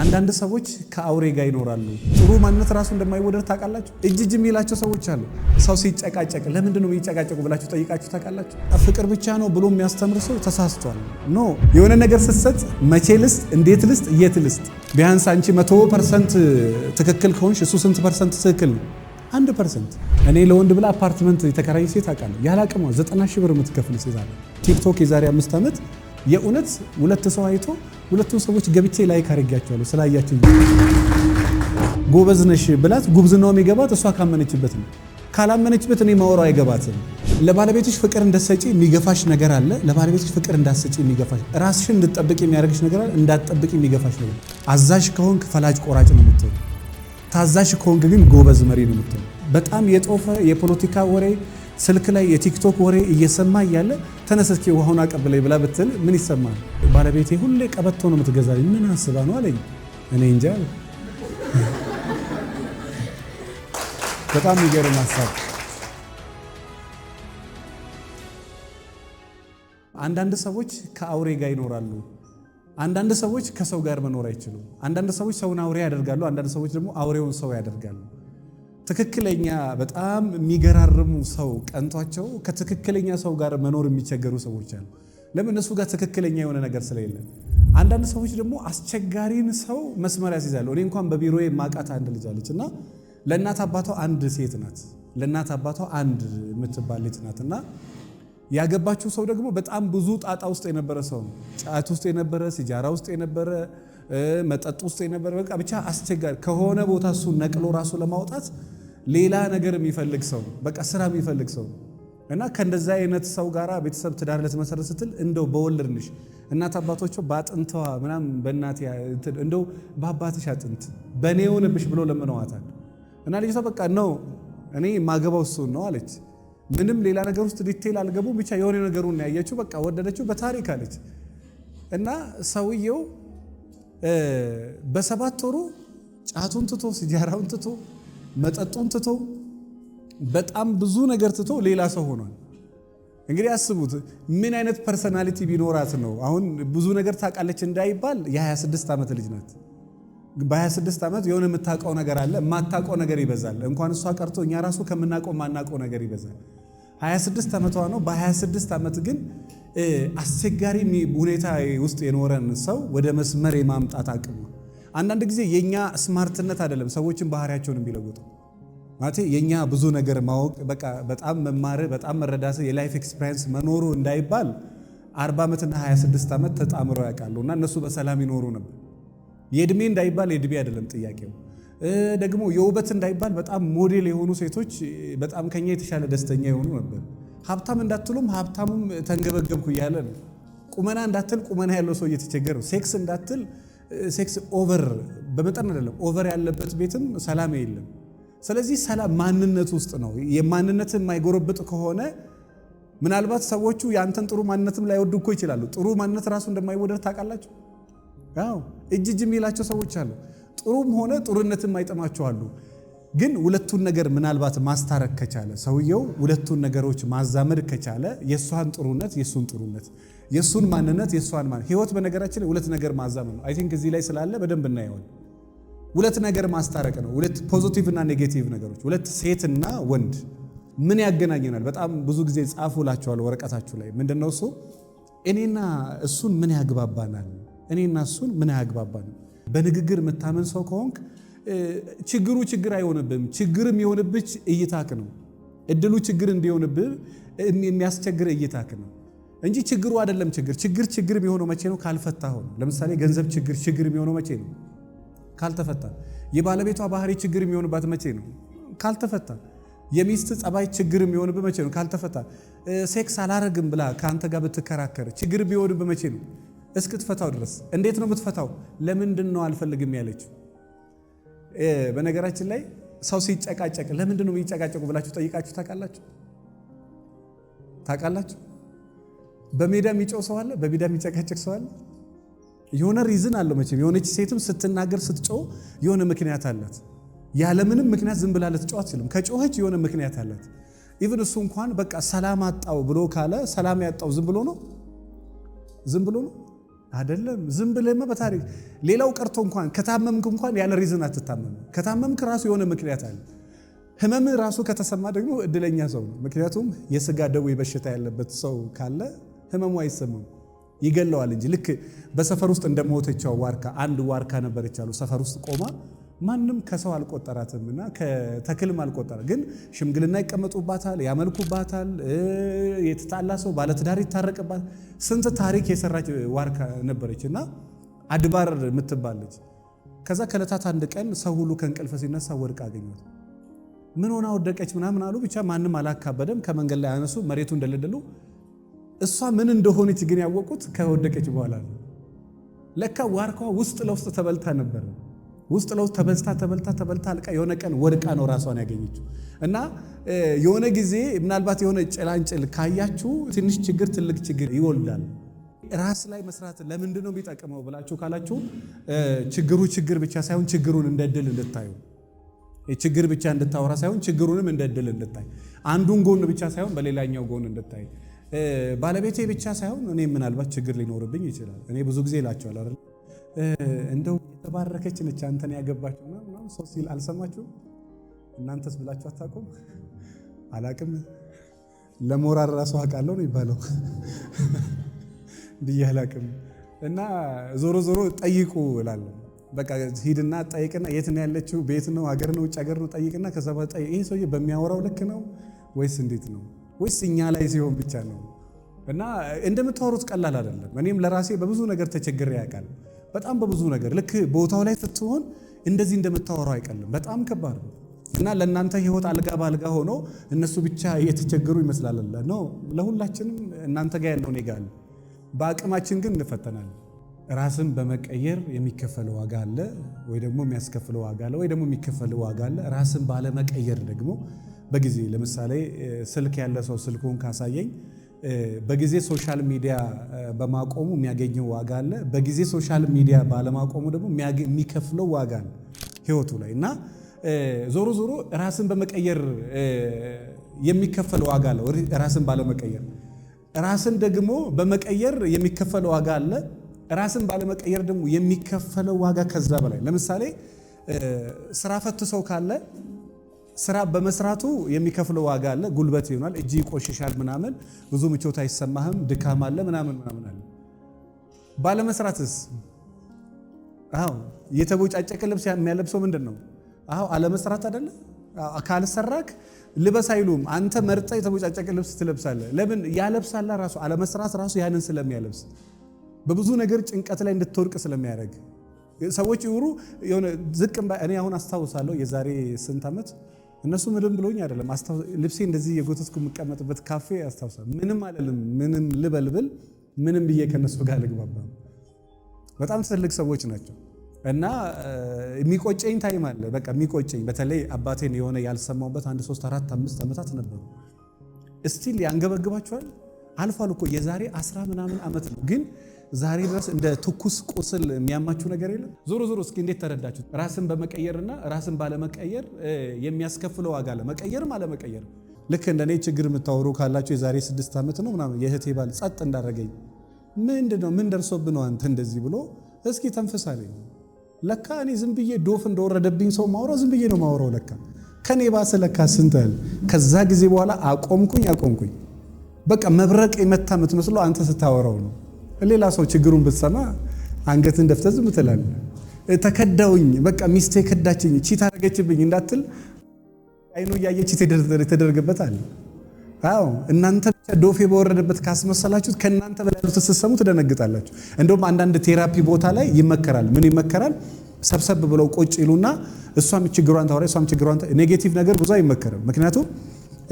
አንዳንድ ሰዎች ከአውሬ ጋር ይኖራሉ። ጥሩ ማንነት ራሱ እንደማይወደድ ታውቃላችሁ። እጅ እጅ የሚላቸው ሰዎች አሉ። ሰው ሲጨቃጨቅ ለምንድን ነው የሚጨቃጨቁ ብላችሁ ጠይቃችሁ ታውቃላችሁ? ፍቅር ብቻ ነው ብሎ የሚያስተምር ሰው ተሳስቷል። ኖ የሆነ ነገር ስትሰጥ መቼ ልስጥ፣ እንዴት ልስጥ፣ የት ልስጥ። ቢያንስ አንቺ መቶ ፐርሰንት ትክክል ከሆንሽ እሱ ስንት ፐርሰንት ትክክል ነው? አንድ ፐርሰንት። እኔ ለወንድ ብላ አፓርትመንት የተከራኝ ሴት አውቃለሁ። ያለ አቅሟ ዘጠና ሺህ ብር የምትከፍል ሴት አለ። ቲክቶክ የዛሬ አምስት ዓመት የእውነት ሁለት ሰው አይቶ ሁለቱን ሰዎች ገብቼ ላይክ አድርጌያቸዋለሁ ስላያቸው ጎበዝ ነሽ ብላት ጉብዝናው የሚገባት እሷ ካመነችበት ነው። ካላመነችበት እኔ ማወራው አይገባትም። ለባለቤትሽ ፍቅር እንደሰጪ የሚገፋሽ ነገር አለ። ለባለቤትሽ ፍቅር እንዳሰጪ የሚገፋሽ ራስሽን እንድጠብቅ የሚያደርግሽ ነገር አለ። እንዳትጠብቅ የሚገፋሽ ነገር አዛዥ ከሆንክ ፈላጭ ቆራጭ ነው የምትሆን። ታዛዥ ከሆንክ ግን ጎበዝ መሪ ነው የምትሆን። በጣም የጦፈ የፖለቲካ ወሬ ስልክ ላይ የቲክቶክ ወሬ እየሰማ እያለ ተነስ እስኪ ውሃውን አቀብለኝ ብላ ብትል ምን ይሰማል? ባለቤቴ ሁሌ ቀበቶ ነው የምትገዛልኝ ምን አስባ ነው አለኝ። እኔ እንጃ። በጣም የሚገርም ሀሳብ። አንዳንድ ሰዎች ከአውሬ ጋር ይኖራሉ። አንዳንድ ሰዎች ከሰው ጋር መኖር አይችሉም። አንዳንድ ሰዎች ሰውን አውሬ ያደርጋሉ። አንዳንድ ሰዎች ደግሞ አውሬውን ሰው ያደርጋሉ። ትክክለኛ በጣም የሚገራርሙ ሰው ቀንቷቸው ከትክክለኛ ሰው ጋር መኖር የሚቸገሩ ሰዎች አሉ። ለምን? እነሱ ጋር ትክክለኛ የሆነ ነገር ስለሌለ። አንዳንድ ሰዎች ደግሞ አስቸጋሪን ሰው መስመር ያስይዛሉ። እኔ እንኳን በቢሮ ማቃት አንድ ልጅ አለች እና ለእናት አባቷ አንድ ሴት ናት። ለእናት አባቷ አንድ የምትባል ልጅ ናት እና ያገባችው ሰው ደግሞ በጣም ብዙ ጣጣ ውስጥ የነበረ ሰው ነው። ጫት ውስጥ የነበረ፣ ሲጃራ ውስጥ የነበረ መጠጥ ውስጥ የነበረ በቃ ብቻ አስቸጋሪ ከሆነ ቦታ እሱ ነቅሎ ራሱ ለማውጣት ሌላ ነገር የሚፈልግ ሰው በቃ ስራ የሚፈልግ ሰው እና ከእንደዛ አይነት ሰው ጋር ቤተሰብ ትዳር ልትመሰረት ስትል እንደው በወለድንሽ እናት አባቶቿ በአጥንተዋ ምናም በእናት እንደው በአባትሽ አጥንት በእኔ የሆነብሽ ብሎ ለምነዋታል። እና ልጅቷ በቃ ነው እኔ ማገባው እሱን ነው አለች። ምንም ሌላ ነገር ውስጥ ዲቴል አልገቡም። ብቻ የሆነ ነገሩን ያየችው በቃ ወደደችው፣ በታሪክ አለች እና ሰውየው በሰባት ወሩ ጫቱን ትቶ ሲጃራውን ትቶ መጠጡን ትቶ በጣም ብዙ ነገር ትቶ ሌላ ሰው ሆኗል። እንግዲህ አስቡት ምን አይነት ፐርሰናሊቲ ቢኖራት ነው አሁን ብዙ ነገር ታውቃለች እንዳይባል የ26 ዓመት ልጅ ናት። በ26 ዓመት የሆነ የምታውቀው ነገር አለ። የማታውቀው ነገር ይበዛል። እንኳን እሷ ቀርቶ እኛ ራሱ ከምናውቀው የማናውቀው ነገር ይበዛል። 26 ዓመቷ ነው። በ26 ዓመት ግን አስቸጋሪ ሁኔታ ውስጥ የኖረን ሰው ወደ መስመር የማምጣት አቅም ነው። አንዳንድ ጊዜ የእኛ ስማርትነት አይደለም ሰዎችን ባህሪያቸውን የሚለውጡ ማለት የእኛ ብዙ ነገር ማወቅ በቃ በጣም መማር በጣም መረዳት የላይፍ ኤክስፒሪየንስ መኖሩ እንዳይባል 40 ዓመትና 26 ዓመት ተጣምረው ያውቃሉ እና እነሱ በሰላም ይኖሩ ነበር። የእድሜ እንዳይባል የእድሜ አይደለም ጥያቄው ደግሞ የውበት እንዳይባል በጣም ሞዴል የሆኑ ሴቶች በጣም ከኛ የተሻለ ደስተኛ የሆኑ ነበር። ሀብታም እንዳትሉም ሀብታሙም ተንገበገብኩ እያለ ነው። ቁመና እንዳትል ቁመና ያለው ሰው እየተቸገረ ነው። ሴክስ እንዳትል ሴክስ ኦቨር በመጠን አይደለም፣ ኦቨር ያለበት ቤትም ሰላም የለም። ስለዚህ ሰላም ማንነት ውስጥ ነው። የማንነት የማይጎረብጥ ከሆነ ምናልባት ሰዎቹ የአንተን ጥሩ ማንነትም ላይወዱ እኮ ይችላሉ። ጥሩ ማንነት ራሱ እንደማይወደድ ታውቃላችሁ። እጅ እጅ የሚላቸው ሰዎች አሉ። ጥሩም ሆነ ጥሩነት የማይጠማቸው አሉ። ግን ሁለቱን ነገር ምናልባት ማስታረቅ ከቻለ ሰውየው ሁለቱን ነገሮች ማዛመድ ከቻለ የእሷን ጥሩነት የእሱን ጥሩነት የእሱን ማንነት የእሷን ማንነት ህይወት በነገራችን ሁለት ነገር ማዛመድ ነው። አይ ቲንክ እዚህ ላይ ስላለ በደንብ እናየዋል። ሁለት ነገር ማስታረቅ ነው። ሁለት ፖዚቲቭ እና ኔጌቲቭ ነገሮች፣ ሁለት ሴትና ወንድ ምን ያገናኘናል? በጣም ብዙ ጊዜ ጻፉላችኋል ወረቀታችሁ ላይ ምንድነው እሱ እኔና እሱን ምን ያግባባናል? እኔና እሱን ምን ያግባባናል? በንግግር የምታመን ሰው ከሆንክ ችግሩ ችግር አይሆንብም። ችግርም የሆንብህ እይታክ ነው። እድሉ ችግር እንዲሆንብህ የሚያስቸግር እይታክ ነው እንጂ ችግሩ አይደለም። ችግር ችግር ችግር የሚሆነው መቼ ነው? ካልፈታ ነው። ለምሳሌ ገንዘብ ችግር ችግር የሚሆነው መቼ ነው? ካልተፈታ። የባለቤቷ ባህሪ ችግር የሚሆንባት መቼ ነው? ካልተፈታ። የሚስት ጸባይ ችግር የሚሆንብህ መቼ ነው? ካልተፈታ። ሴክስ አላረግም ብላ ከአንተ ጋር ብትከራከር ችግር ቢሆንብህ መቼ ነው? እስክትፈታው ድረስ። እንዴት ነው የምትፈታው? ለምንድን ነው አልፈልግም ያለችው? በነገራችን ላይ ሰው ሲጨቃጨቅ ለምንድን ነው የሚጨቃጨቁ ብላችሁ ጠይቃችሁ ታውቃላችሁ? ታውቃላችሁ? በሜዳ የሚጮህ ሰው አለ፣ በሜዳ የሚጨቃጨቅ ሰው አለ። የሆነ ሪዝን አለው መቼም። የሆነች ሴትም ስትናገር ስትጮው የሆነ ምክንያት አላት። ያለምንም ምክንያት ዝም ብላ ልትጮው አትችልም። ከጮኸች የሆነ ምክንያት አላት። ኢቭን እሱ እንኳን በቃ ሰላም አጣው ብሎ ካለ ሰላም ያጣው ዝም ብሎ ነው? ዝም ብሎ ነው? አይደለም ዝም ብለህማ በታሪክ ሌላው ቀርቶ እንኳን ከታመምክ እንኳን ያለ ሪዝን አትታመም። ከታመምክ ራሱ የሆነ ምክንያት አለ። ህመም ራሱ ከተሰማ ደግሞ እድለኛ ሰው ነው። ምክንያቱም የስጋ ደዌ በሽታ ያለበት ሰው ካለ ህመሙ አይሰማም ይገለዋል እንጂ ልክ በሰፈር ውስጥ እንደሞተቻው ዋርካ አንድ ዋርካ ነበረች አሉ ሰፈር ውስጥ ቆማ ማንም ከሰው አልቆጠራትም እና ከተክልም አልቆጠራ። ግን ሽምግልና ይቀመጡባታል፣ ያመልኩባታል። የተጣላ ሰው ባለትዳር ይታረቅባታል። ስንት ታሪክ የሰራች ዋርካ ነበረች እና አድባር የምትባለች ከዛ ከለታት አንድ ቀን ሰው ሁሉ ከእንቅልፍ ሲነሳ ወድቃ አገኘት። ምን ሆና ወደቀች ምናምን አሉ። ብቻ ማንም አላካበደም። ከመንገድ ላይ አነሱ፣ መሬቱ እንደለደሉ። እሷ ምን እንደሆነች ግን ያወቁት ከወደቀች በኋላ ነው። ለካ ዋርካዋ ውስጥ ለውስጥ ተበልታ ነበር። ውስጥ ለውስጥ ተበልታ ተበልታ ተበልታ አልቃ የሆነ ቀን ወድቃ ነው ራሷን ያገኘችው። እና የሆነ ጊዜ ምናልባት የሆነ ጭላንጭል ካያችሁ ትንሽ ችግር ትልቅ ችግር ይወልዳል። ራስ ላይ መስራት ለምንድን ነው የሚጠቅመው ብላችሁ ካላችሁ ችግሩ ችግር ብቻ ሳይሆን ችግሩን እንደ ድል እንድታዩ ችግር ብቻ እንድታወራ ሳይሆን ችግሩንም እንደ ድል እንድታይ፣ አንዱን ጎን ብቻ ሳይሆን በሌላኛው ጎን እንድታይ፣ ባለቤቴ ብቻ ሳይሆን እኔ ምናልባት ችግር ሊኖርብኝ ይችላል። እኔ ብዙ ጊዜ እላቸዋለሁ እንደው የተባረከች ነች አንተን ያገባችው ምናምን ሰው ሲል አልሰማችሁም? እናንተስ ብላችሁ አታውቁም? አላቅም ለሞራል ራሱ አውቃለሁ ነው ይባለው ብዬ አላቅም። እና ዞሮ ዞሮ ጠይቁ እላለሁ። በቃ ሂድና ጠይቅና፣ የት ነው ያለችው? ቤት ነው፣ ሀገር ነው፣ ውጭ ሀገር ነው? ጠይቅና ከዛ በኋላ ይህ ሰውዬ በሚያወራው ልክ ነው ወይስ እንዴት ነው? ወይስ እኛ ላይ ሲሆን ብቻ ነው? እና እንደምታወሩት ቀላል አይደለም። እኔም ለራሴ በብዙ ነገር ተቸግሬ ያውቃል። በጣም በብዙ ነገር ልክ ቦታው ላይ ስትሆን እንደዚህ እንደምታወራው አይቀልም። በጣም ከባድ ነው እና ለእናንተ ህይወት አልጋ በአልጋ ሆኖ እነሱ ብቻ እየተቸገሩ ይመስላል። ነው ለሁላችንም እናንተ ጋር ያለው እኔ ጋር አለ። በአቅማችን ግን እንፈተናል። ራስን በመቀየር የሚከፈል ዋጋ አለ ወይ ደግሞ የሚያስከፍል ዋጋ አለ ወይ ደግሞ የሚከፈል ዋጋ አለ። ራስን ባለመቀየር ደግሞ በጊዜ ለምሳሌ ስልክ ያለ ሰው ስልኩን ካሳየኝ በጊዜ ሶሻል ሚዲያ በማቆሙ የሚያገኘው ዋጋ አለ። በጊዜ ሶሻል ሚዲያ ባለማቆሙ ደግሞ የሚከፍለው ዋጋ አለ ህይወቱ ላይ እና ዞሮ ዞሮ ራስን በመቀየር የሚከፈል ዋጋ አለ። ራስን ባለመቀየር ራስን ደግሞ በመቀየር የሚከፈል ዋጋ አለ። ራስን ባለመቀየር ደግሞ የሚከፈለው ዋጋ ከዛ በላይ ለምሳሌ ስራ ፈት ሰው ካለ ስራ በመስራቱ የሚከፍለው ዋጋ አለ። ጉልበት ይሆናል፣ እጅ ይቆሽሻል፣ ምናምን ብዙ ምቾት አይሰማህም፣ ድካም አለ ምናምን ምናምን አለ። ባለመስራትስ? አዎ የተቦጫጨቀ ልብስ የሚያለብሰው ምንድን ነው? አዎ አለመስራት አደለ? ካልሰራክ ልበስ አይሉም። አንተ መርጠ የተቦጫጨቀ ልብስ ትለብሳለህ። ለምን ያለብሳላ? ራሱ አለመስራት ራሱ ያንን ስለሚያለብስ በብዙ ነገር ጭንቀት ላይ እንድትወድቅ ስለሚያደርግ ሰዎች ይውሩ የሆነ ዝቅ እኔ አሁን አስታውሳለሁ የዛሬ ስንት ዓመት እነሱ ምንም ብሎኝ አይደለም። ልብሴ እንደዚህ የጎተትኩ የምቀመጥበት ካፌ አስታውሳል። ምንም አይደለም። ምንም ልበልብል ምንም ብዬ ከነሱ ጋር ልግባባ። በጣም ትልቅ ሰዎች ናቸው እና የሚቆጨኝ ታይም አለ። በቃ የሚቆጨኝ በተለይ አባቴን የሆነ ያልሰማሁበት አንድ ሶስት አራት አምስት ዓመታት ነበሩ። እስቲል ያንገበግባቸዋል። አልፏል እኮ የዛሬ አስራ ምናምን ዓመት ነው ግን ዛሬ ድረስ እንደ ትኩስ ቁስል የሚያማችሁ ነገር የለም። ዞሮ ዞሮ እስኪ እንዴት ተረዳችሁ? ራስን በመቀየርና ራስን ባለመቀየር የሚያስከፍለው ዋጋ ለመቀየርም አለመቀየር ልክ እንደኔ ችግር የምታወሩ ካላችሁ የዛሬ ስድስት ዓመት ነው ምናምን የእህቴ ባል ጸጥ እንዳደረገኝ ምንድን ነው ምን ደርሶብህ ነው አንተ እንደዚህ ብሎ እስኪ ተንፈሳለኝ። ለካ እኔ ዝም ብዬ ዶፍ እንደወረደብኝ ሰው ማውራው ዝም ብዬ ነው ማውራው። ለካ ከኔ ባሰ ለካ ስንትል ከዛ ጊዜ በኋላ አቆምኩኝ አቆምኩኝ። በቃ መብረቅ የመታ የምትመስለው አንተ ስታወራው ነው። ሌላ ሰው ችግሩን ብትሰማ አንገትን ደፍተህ ዝም ትላለህ። ተከዳውኝ፣ በቃ ሚስቴ ከዳችኝ፣ ቺት አደረገችብኝ እንዳትል አይኑ እያየ ቺት የተደረገበት አለ። አዎ እናንተ ብቻ ዶፌ በወረደበት ካስመሰላችሁት ከእናንተ በላይ ያሉት ስትሰሙ ትደነግጣላችሁ። እንደውም አንዳንድ ቴራፒ ቦታ ላይ ይመከራል። ምን ይመከራል? ሰብሰብ ብለው ቆጭ ይሉና እሷም ችግሯን ታወራ፣ እሷም ችግሯን ኔጌቲቭ ነገር ብዙ አይመከርም። ምክንያቱም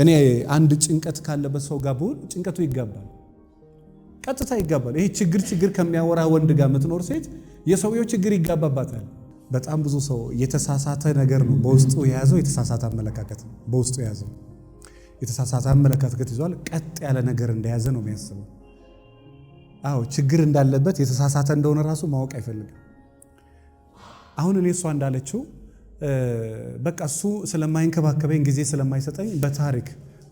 እኔ አንድ ጭንቀት ካለበት ሰው ጋር ብሆን ጭንቀቱ ይጋባል። ቀጥታ ይጋባል። ይሄ ችግር ችግር ከሚያወራ ወንድ ጋር የምትኖር ሴት የሰውየው ችግር ይጋባባታል። በጣም ብዙ ሰው የተሳሳተ ነገር ነው በውስጡ የያዘው የተሳሳተ አመለካከት በውስጡ የያዘው የተሳሳተ አመለካከት ይዟል። ቀጥ ያለ ነገር እንደያዘ ነው የሚያስበው። አዎ ችግር እንዳለበት የተሳሳተ እንደሆነ ራሱ ማወቅ አይፈልግም። አሁን እኔ እሷ እንዳለችው በቃ እሱ ስለማይንከባከበኝ ጊዜ ስለማይሰጠኝ በታሪክ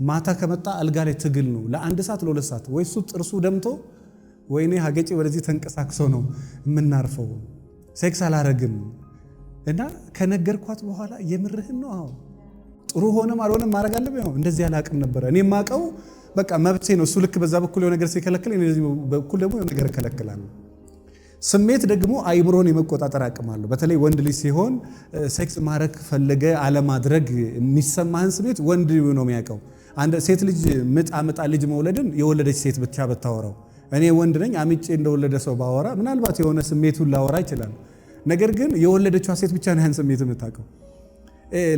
ማታ ከመጣ አልጋ ላይ ትግል ነው ለአንድ ሰዓት ለሁለት ሰዓት፣ ወይ እሱ ጥርሱ ደምቶ ወይኔ ሀገጭ ወደዚህ ተንቀሳቅሶ ነው የምናርፈው። ሴክስ አላረግም እና ከነገርኳት በኋላ የምርህን ነው አሁን ጥሩ ሆነም አልሆነም ማድረግ አለብህ። እንደዚህ አላቅም ነበረ። እኔ የማቀው በቃ መብቴ ነው። እሱ ልክ በዛ በኩል የሆነ ነገር ሲከለክል፣ በኩል ደግሞ የሆነ ነገር እከለክላለሁ። ስሜት ደግሞ አይምሮን የመቆጣጠር አቅም አለው። በተለይ ወንድ ልጅ ሲሆን ሴክስ ማድረግ ፈለገ አለማድረግ የሚሰማህን ስሜት ወንድ ነው የሚያውቀው። አንድ ሴት ልጅ ምጥ ምጣ ልጅ መውለድን የወለደች ሴት ብቻ ብታወራው እኔ ወንድ ነኝ አምጬ እንደወለደ ሰው ባወራ ምናልባት የሆነ ስሜቱን ላወራ ይችላል። ነገር ግን የወለደችዋ ሴት ብቻ ነው ያን ስሜት የምታውቀው።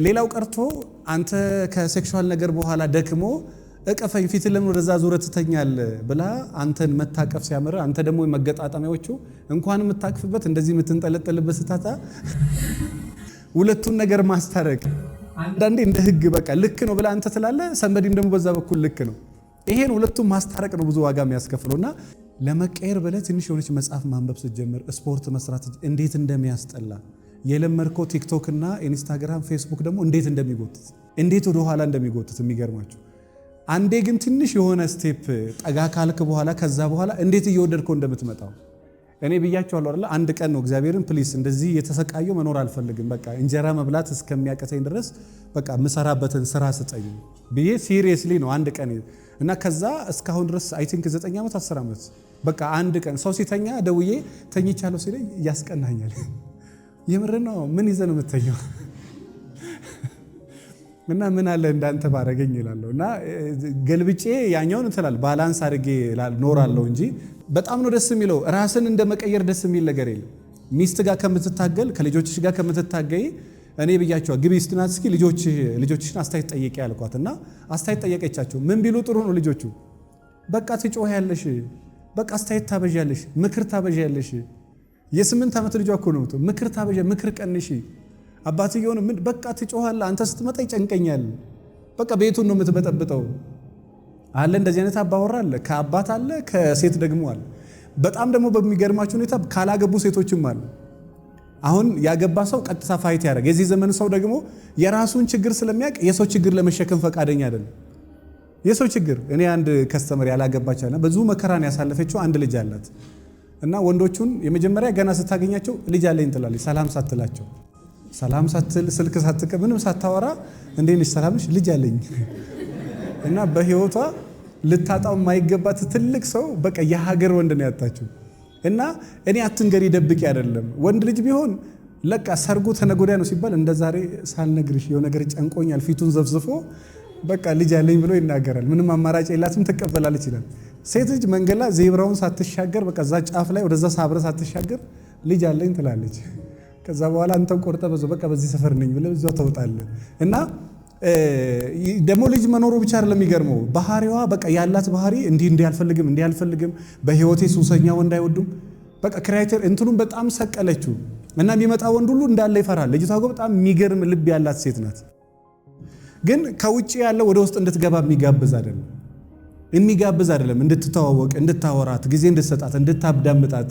ሌላው ቀርቶ አንተ ከሴክሹዋል ነገር በኋላ ደክሞ እቀፈኝ ፊት ለምን ወደዛ ዙረ ትተኛል ብላ አንተን መታቀፍ ሲያምር አንተ ደግሞ መገጣጠሚያዎቹ እንኳን የምታቅፍበት እንደዚህ የምትንጠለጠልበት ስታታ ሁለቱን ነገር ማስታረቅ አንዳንዴ እንደ ህግ በቃ ልክ ነው ብለህ አንተ ትላለህ፣ ሰንበዲም ደግሞ በዛ በኩል ልክ ነው። ይሄን ሁለቱም ማስታረቅ ነው ብዙ ዋጋ የሚያስከፍለው እና ለመቀየር ብለህ ትንሽ የሆነች መጽሐፍ ማንበብ ስትጀምር፣ ስፖርት መስራት እንዴት እንደሚያስጠላ የለመድከው ቲክቶክ እና ኢንስታግራም፣ ፌስቡክ ደግሞ እንዴት እንደሚጎትት እንዴት ወደኋላ እንደሚጎትት የሚገርማቸው አንዴ ግን ትንሽ የሆነ ስቴፕ ጠጋ ካልክ በኋላ ከዛ በኋላ እንዴት እየወደድከው እንደምትመጣው እኔ ብያቸዋለሁ አይደል? አንድ ቀን ነው እግዚአብሔርን ፕሊስ እንደዚህ የተሰቃየው መኖር አልፈልግም፣ በቃ እንጀራ መብላት እስከሚያቀተኝ ድረስ በቃ ምሰራበትን ስራ ስጠኝ ብዬ ሲሪየስሊ ነው አንድ ቀን እና ከዛ እስካሁን ድረስ አይ ቲንክ 9 ዓመት 10 ዓመት በቃ አንድ ቀን ሰው ሲተኛ ደውዬ ተኝቻለሁ ሲለኝ ያስቀናኛል። የምር ነው ምን ይዘ ነው የምተኛው? እና ምን አለ እንዳንተ ባረገኝ ይላለሁ እና ገልብጬ ያኛውን እንትላል ባላንስ አድርጌ ኖራለሁ እንጂ በጣም ነው ደስ የሚለው። ራስን እንደ መቀየር ደስ የሚል ነገር የለም። ሚስት ጋር ከምትታገል ከልጆችሽ ጋር ከምትታገይ እኔ ብያቸዋ ግቢ ስትናት እስኪ ልጆችሽን አስተያየት ጠይቂ ያልኳት እና አስተያየት ጠየቀቻቸው። ምን ቢሉ ጥሩ ነው ልጆቹ? በቃ ትጮህ ያለሽ፣ በቃ አስተያየት ታበዣለሽ፣ ምክር ታበዣ ያለሽ የስምንት ዓመት ልጇ እኮ ነው። ምክር ታበዣ፣ ምክር ቀንሽ። አባትየውን ምን በቃ ትጮኋለ፣ አንተ ስትመጣ ይጨንቀኛል፣ በቃ ቤቱን ነው የምትበጠብጠው አለ። እንደዚህ አይነት አባወራ አለ፣ ከአባት አለ፣ ከሴት ደግሞ አለ። በጣም ደግሞ በሚገርማችሁ ሁኔታ ካላገቡ ሴቶችም አሉ። አሁን ያገባ ሰው ቀጥታ ፋይት ያደርግ። የዚህ ዘመን ሰው ደግሞ የራሱን ችግር ስለሚያውቅ የሰው ችግር ለመሸከም ፈቃደኛ አይደለም። የሰው ችግር እኔ አንድ ከስተመር ያላገባች አለ፣ ብዙ መከራን ያሳለፈችው አንድ ልጅ አላት እና ወንዶቹን የመጀመሪያ ገና ስታገኛቸው ልጅ አለኝ ትላለች፣ ሰላም ሳትላቸው፣ ሰላም ሳትል፣ ስልክ ሳትቀ፣ ምንም ሳታወራ እንዴ ነሽ፣ ሰላምሽ ልጅ አለኝ እና በህይወቷ ልታጣው የማይገባት ትልቅ ሰው በቃ የሀገር ወንድ ነው ያጣችው። እና እኔ አትንገሪ ደብቂ አይደለም ወንድ ልጅ ቢሆን ለቃ ሰርጎ ተነገ ነው ሲባል እንደ ዛሬ ሳልነግርሽ የሆነ ነገር ጨንቆኛል፣ ፊቱን ዘፍዝፎ በቃ ልጅ አለኝ ብሎ ይናገራል። ምንም አማራጭ የላትም፣ ትቀበላለች ይላል። ሴት ልጅ መንገላ ዜብራውን ሳትሻገር በቃ እዛ ጫፍ ላይ ወደዛ ሳብረ ሳትሻገር ልጅ አለኝ ትላለች። ከዛ በኋላ አንተም ቆርጠ በቃ በዚህ ሰፈር ነኝ ብለህ እዛ ተውጣለህ እና ደግሞ ልጅ መኖሩ ብቻ አይደለም የሚገርመው፣ ባህሪዋ በቃ ያላት ባህሪ እንዲህ እንዲህ አልፈልግም እንዲህ አልፈልግም፣ በህይወቴ ሱሰኛ ወንድ አይወዱም። በቃ ክራይቴር እንትኑን በጣም ሰቀለችው እና የሚመጣ ወንድ ሁሉ እንዳለ ይፈራል። ልጅቷ በጣም የሚገርም ልብ ያላት ሴት ናት፣ ግን ከውጭ ያለው ወደ ውስጥ እንድትገባ የሚጋብዝ አይደለም የሚጋብዝ አይደለም። እንድትተዋወቅ፣ እንድታወራት፣ ጊዜ እንድትሰጣት፣ እንድታዳምጣት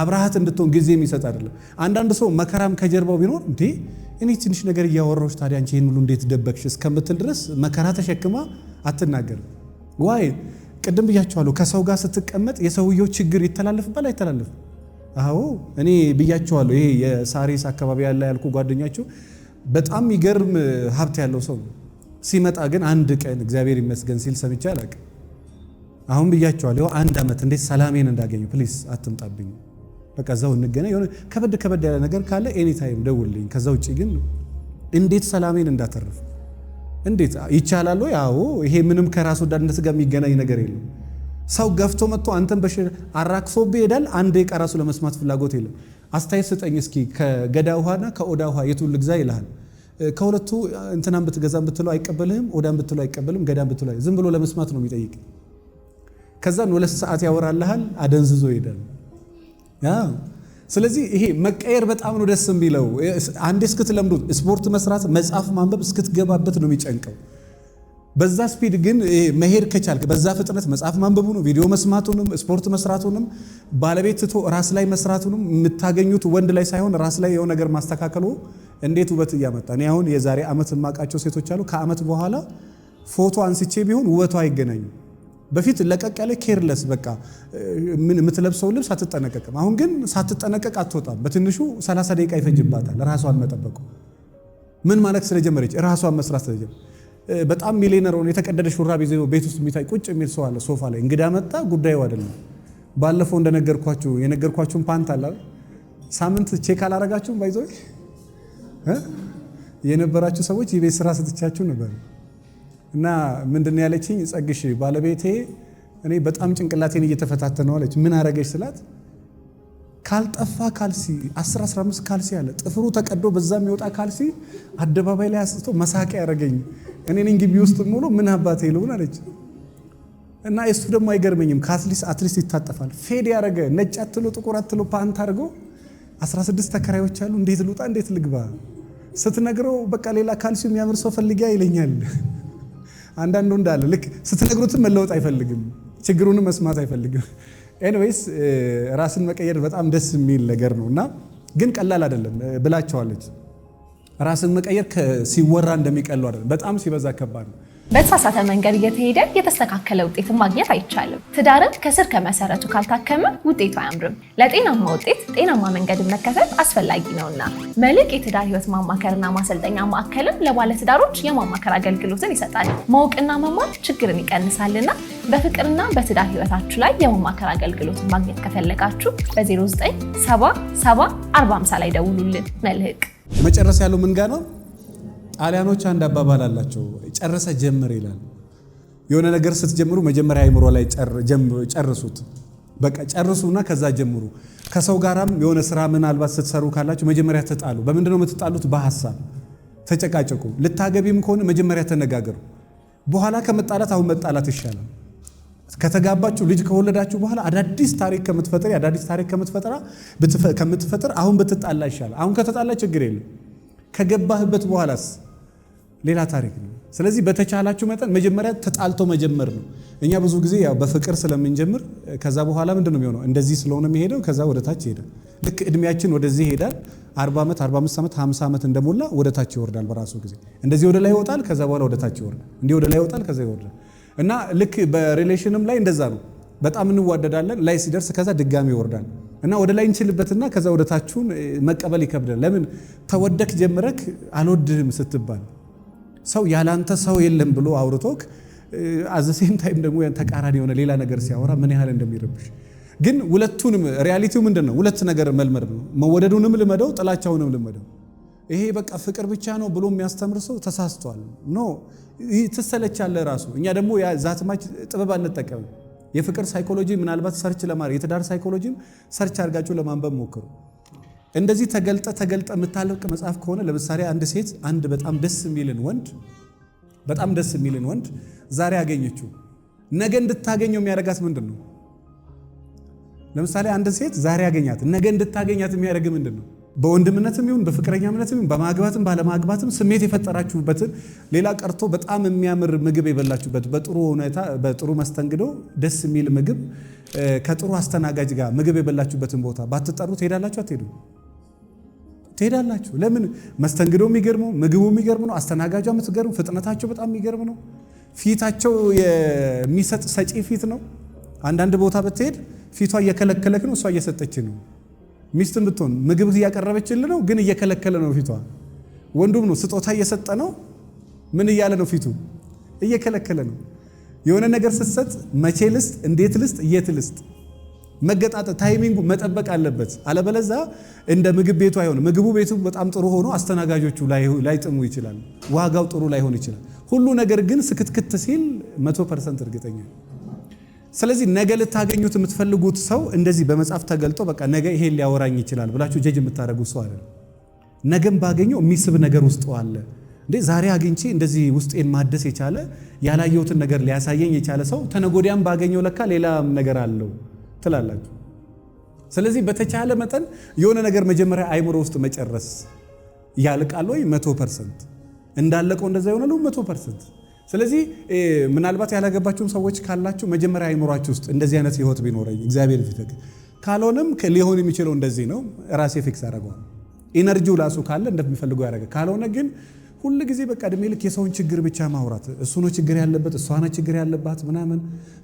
አብረሃት እንድትሆን ጊዜ የሚሰጥ አይደለም። አንዳንድ ሰው መከራም ከጀርባው ቢኖር እንዴ እኔ ትንሽ ነገር እያወራሁሽ ታዲያ አንቺ ይህን ሁሉ እንዴት ደበቅሽ እስከምትል ድረስ መከራ ተሸክማ አትናገርም። ዋይ ቅድም ብያቸዋለሁ። ከሰው ጋር ስትቀመጥ የሰውየው ችግር ይተላለፍባል አይተላለፍም? አዎ እኔ ብያቸዋለሁ። ይሄ የሳሪስ አካባቢ ያለ ያልኩ ጓደኛቸው በጣም የሚገርም ሀብት ያለው ሰው ነው። ሲመጣ ግን አንድ ቀን እግዚአብሔር ይመስገን ሲል ሰምቼ አላውቅም። አሁን ብያቸዋለሁ። አንድ ዓመት እንዴት ሰላሜን እንዳገኙ ፕሊስ አትምጣብኝ በቃ እዛው እንገናኝ። የሆነ ከበድ ከበድ ያለ ነገር ካለ ኤኒታይም ደውልኝ። ከዛ ውጭ ግን እንዴት ሰላሜን እንዳተርፍ እንዴት ይቻላል? ያው ይሄ ምንም ከራስ ወዳድነት ጋር የሚገናኝ ነገር የለም። ሰው ገፍቶ መጥቶ አንተን በሽ አራክሶብ ይሄዳል። አንዴ ቀራሱ ለመስማት ፍላጎት የለም። አስተያየት ስጠኝ እስኪ ከገዳ ውሃና ከኦዳ ውሃ የቱን ልግዛ ይልሃል። ከሁለቱ እንትናን ብትገዛም ብትለው አይቀበልህም። ኦዳን ብትለው አይቀበልም። ገዳን ብትለው ዝም ብሎ ለመስማት ነው የሚጠይቅ። ከዛን ሁለት ሰዓት ያወራልሃል፣ አደንዝዞ ይሄዳል። ስለዚህ ይሄ መቀየር በጣም ነው ደስ የሚለው። አንዴ እስክትለምዱት ስፖርት መስራት፣ መጽሐፍ ማንበብ እስክትገባበት ነው የሚጨንቀው። በዛ ስፒድ ግን መሄድ ከቻልክ በዛ ፍጥነት መጽሐፍ ማንበቡንም ቪዲዮ መስማቱንም ስፖርት መስራቱንም ባለቤት ትቶ ራስ ላይ መስራቱንም የምታገኙት ወንድ ላይ ሳይሆን ራስ ላይ የሆነ ነገር ማስተካከሉ እንዴት ውበት እያመጣ እኔ አሁን የዛሬ ዓመት የማውቃቸው ሴቶች አሉ ከዓመት በኋላ ፎቶ አንስቼ ቢሆን ውበቷ አይገናኙም። በፊት ለቀቅ ያለ ኬርለስ በቃ የምትለብሰው ልብስ አትጠነቀቅም። አሁን ግን ሳትጠነቀቅ አትወጣም። በትንሹ 30 ደቂቃ ይፈጅባታል ራሷን መጠበቁ። ምን ማለት ስለጀመረች ራሷን መስራት ስለጀመረ በጣም ሚሊነር ሆነ። የተቀደደ ሹራብ ይዞ ቤት ውስጥ የሚታይ ቁጭ የሚል ሰው አለ። ሶፋ ላይ እንግዳ መጣ፣ ጉዳዩ አይደለም። ባለፈው እንደነገርኳችሁ የነገርኳችሁን ፓንት አለ ሳምንት ቼክ አላረጋችሁም። ባይዞ የነበራችሁ ሰዎች የቤት ስራ ስትቻችሁ ነበር። እና ምንድን ያለችኝ ጸግሽ ባለቤቴ እኔ በጣም ጭንቅላቴን እየተፈታተነው አለች። ምን አረገች ስላት ካልጠፋ ካልሲ 1015 ካልሲ አለ ጥፍሩ ተቀዶ በዛ የሚወጣ ካልሲ አደባባይ ላይ አስቶ መሳቂያ ያደረገኝ እኔ ግቢ ውስጥ ሙሉ ምን አባቴ ልሆን አለች። እና እሱ ደግሞ አይገርመኝም አትሊስት ይታጠፋል። ፌድ ያደረገ ነጭ አትሎ ጥቁር አትሎ ፓንት አድርጎ 16 ተከራዮች አሉ እንዴት ልውጣ እንዴት ልግባ ስትነግረው በቃ ሌላ ካልሲ የሚያምር ሰው ፈልጊያ ይለኛል። አንዳንዱ እንዳለ ልክ ስትነግሩትም መለወጥ አይፈልግም፣ ችግሩንም መስማት አይፈልግም። ኤኒዌይስ ራስን መቀየር በጣም ደስ የሚል ነገር ነው እና ግን ቀላል አይደለም ብላቸዋለች። ራስን መቀየር ሲወራ እንደሚቀሉ አይደለም፣ በጣም ሲበዛ ከባድ ነው። በተሳሳተ መንገድ እየተሄደ የተስተካከለ ውጤትን ማግኘት አይቻልም። ትዳርን ከስር ከመሰረቱ ካልታከመ ውጤቱ አያምርም። ለጤናማ ውጤት ጤናማ መንገድን መከተል አስፈላጊ ነውና መልሕቅ የትዳር ህይወት ማማከርና ማሰልጠኛ ማዕከልም ለባለትዳሮች የማማከር አገልግሎትን ይሰጣል። ማወቅና መማር ችግርን ይቀንሳልና በፍቅርና በትዳር ህይወታችሁ ላይ የማማከር አገልግሎትን ማግኘት ከፈለጋችሁ በ0977 45 ላይ ደውሉልን። መልሕቅ መጨረስ ያለው ምን ጋር ነው? ጣሊያኖች አንድ አባባል አላቸው፣ ጨርሰ ጀምር ይላል። የሆነ ነገር ስትጀምሩ መጀመሪያ አይምሮ ላይ ጨርሱት። በቃ ጨርሱና ከዛ ጀምሩ። ከሰው ጋራም የሆነ ስራ ምናልባት ስትሰሩ ካላቸው መጀመሪያ ተጣሉ። በምንድን ነው የምትጣሉት? በሀሳብ ተጨቃጨቁ። ልታገቢም ከሆነ መጀመሪያ ተነጋገሩ። በኋላ ከመጣላት አሁን መጣላት ይሻላል። ከተጋባችሁ ልጅ ከወለዳችሁ በኋላ አዳዲስ ታሪክ ከምትፈጥር አዳዲስ ታሪክ ከምትፈጥራ ከምትፈጥር አሁን ብትጣላ ይሻላል። አሁን ከተጣላ ችግር የለም። ከገባህበት በኋላስ ሌላ ታሪክ ነው። ስለዚህ በተቻላችሁ መጠን መጀመሪያ ተጣልቶ መጀመር ነው። እኛ ብዙ ጊዜ ያው በፍቅር ስለምንጀምር ከዛ በኋላ ምንድን ነው የሚሆነው? እንደዚህ ስለሆነ የሚሄደው ከዛ ወደ ታች ይሄዳል። ልክ እድሜያችን ወደዚህ ይሄዳል 40 ዓመት 45 ዓመት 50 ዓመት እንደሞላ ወደ ታች ይወርዳል። በራሱ ጊዜ እንደዚህ ወደ ላይ ይወጣል፣ ከዛ በኋላ ወደ ታች ይወርዳል። እንዲህ ወደ ላይ ይወጣል፣ ከዛ ይወርዳል እና ልክ በሪሌሽንም ላይ እንደዛ ነው። በጣም እንዋደዳለን፣ ላይ ሲደርስ ከዛ ድጋሚ ይወርዳል እና ወደ ላይ እንችልበትና ከዛ ወደ ታችሁን መቀበል ይከብዳል። ለምን ተወደክ ጀምረክ አልወድህም ስትባል ሰው ያላንተ ሰው የለም ብሎ አውርቶክ አዘሴም ታይም ደግሞ ተቃራኒ የሆነ ሌላ ነገር ሲያወራ ምን ያህል እንደሚረብሽ ግን ሁለቱንም ሪያሊቲው ምንድን ነው? ሁለት ነገር መልመድ ነው። መወደዱንም ልመደው፣ ጥላቻውንም ልመደው። ይሄ በቃ ፍቅር ብቻ ነው ብሎ የሚያስተምር ሰው ተሳስቷል። ኖ ትሰለቻለህ ራሱ። እኛ ደግሞ ዛትማች ጥበብ አንጠቀምም። የፍቅር ሳይኮሎጂ ምናልባት ሰርች ለማድረግ የትዳር ሳይኮሎጂም ሰርች አድርጋችሁ ለማንበብ ሞክሩ። እንደዚህ ተገልጠ ተገልጠ የምታለቅ መጽሐፍ ከሆነ ለምሳሌ አንድ ሴት አንድ በጣም ደስ የሚልን ወንድ በጣም ደስ የሚልን ወንድ ዛሬ አገኘችው፣ ነገ እንድታገኘው የሚያደርጋት ምንድን ነው? ለምሳሌ አንድ ሴት ዛሬ አገኛት፣ ነገ እንድታገኛት የሚያደርግ ምንድን ነው? በወንድምነትም ይሁን በፍቅረኛምነትም ይሁን በማግባትም ባለማግባትም ስሜት የፈጠራችሁበትን ሌላ ቀርቶ በጣም የሚያምር ምግብ የበላችሁበት በጥሩ ሁኔታ በጥሩ መስተንግዶ ደስ የሚል ምግብ ከጥሩ አስተናጋጅ ጋር ምግብ የበላችሁበትን ቦታ ባትጠሩ ትሄዳላችሁ አትሄዱ? ትሄዳላችሁ። ለምን? መስተንግዶ የሚገርመው ምግቡ የሚገርም ነው። አስተናጋጇ የምትገርም፣ ፍጥነታቸው በጣም የሚገርም ነው። ፊታቸው የሚሰጥ ሰጪ ፊት ነው። አንዳንድ ቦታ ብትሄድ ፊቷ እየከለከለክ ነው፣ እሷ እየሰጠች ነው። ሚስትም ብትሆን ምግብ እያቀረበችል ነው፣ ግን እየከለከለ ነው ፊቷ። ወንዱም ነው ስጦታ እየሰጠ ነው፣ ምን እያለ ነው? ፊቱ እየከለከለ ነው። የሆነ ነገር ስትሰጥ መቼ ልስጥ፣ እንዴት ልስጥ፣ የት ልስጥ መገጣጠ ታይሚንጉ መጠበቅ አለበት። አለበለዛ እንደ ምግብ ቤቱ አይሆንም። ምግቡ ቤቱ በጣም ጥሩ ሆኖ አስተናጋጆቹ ላይጥሙ ይችላል። ዋጋው ጥሩ ላይሆን ይችላል። ሁሉ ነገር ግን ስክትክት ሲል መቶ ፐርሰንት እርግጠኛ። ስለዚህ ነገ ልታገኙት የምትፈልጉት ሰው እንደዚህ በመጽሐፍ ተገልጦ በቃ ነገ ይሄን ሊያወራኝ ይችላል ብላችሁ ጀጅ የምታደረጉ ሰው አለ። ነገም ባገኘው የሚስብ ነገር ውስጥ አለ እንዴ ዛሬ አግኝቼ እንደዚህ ውስጤን ማደስ የቻለ ያላየሁትን ነገር ሊያሳየኝ የቻለ ሰው ተነጎዲያም ባገኘው ለካ ሌላም ነገር አለው ትላላችሁ። ስለዚህ በተቻለ መጠን የሆነ ነገር መጀመሪያ አይምሮ ውስጥ መጨረስ ያልቃል ወይ? መቶ ፐርሰንት እንዳለቀው እንደዛ ነው መቶ ፐርሰንት። ስለዚህ ምናልባት ያላገባችሁም ሰዎች ካላችሁ መጀመሪያ አይምሯችሁ ውስጥ እንደዚህ አይነት ህይወት ቢኖረኝ እግዚአብሔር ፊት፣ ካልሆነም ሊሆን የሚችለው እንደዚህ ነው፣ ራሴ ፊክስ አደረገዋል። ኢነርጂው ራሱ ካለ እንደሚፈልገው ያደረገ ካልሆነ ግን ሁል ጊዜ በቃ እድሜ ልክ የሰውን ችግር ብቻ ማውራት፣ እሱ ነው ችግር ያለበት፣ እሷ ነው ችግር ያለባት ምናምን።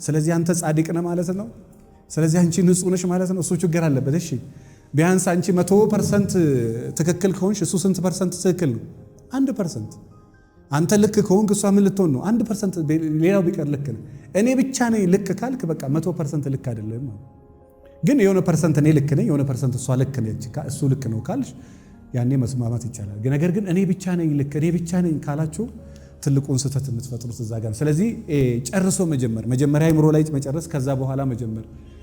ስለዚህ አንተ ጻድቅ ነህ ማለት ነው ስለዚህ አንቺ ንጹህ ነሽ ማለት ነው። እሱ ችግር አለበት። እሺ ቢያንስ አንቺ መቶ ፐርሰንት ትክክል ከሆንሽ እሱ ስንት ፐርሰንት ትክክል ነው? አንድ ፐርሰንት። አንተ ልክ ከሆንክ እሷ ምን ልትሆን ነው? አንድ ፐርሰንት። ሌላው ቢቀር ልክ ነው። እኔ ብቻ ነኝ ልክ ካልክ በቃ መቶ ፐርሰንት ልክ አይደለም። ግን የሆነ ፐርሰንት እኔ ልክ ነኝ፣ የሆነ ፐርሰንት እሷ ልክ ነች፣ እሱ ልክ ነው ካልሽ ያኔ መስማማት ይቻላል። ነገር ግን እኔ ብቻ ነኝ ልክ እኔ ብቻ ነኝ ካላችሁ ትልቁን ስህተት የምትፈጥሩት እዛ ጋር። ስለዚህ ጨርሶ መጀመር መጀመሪያ አይምሮ ላይ መጨረስ፣ ከዛ በኋላ መጀመር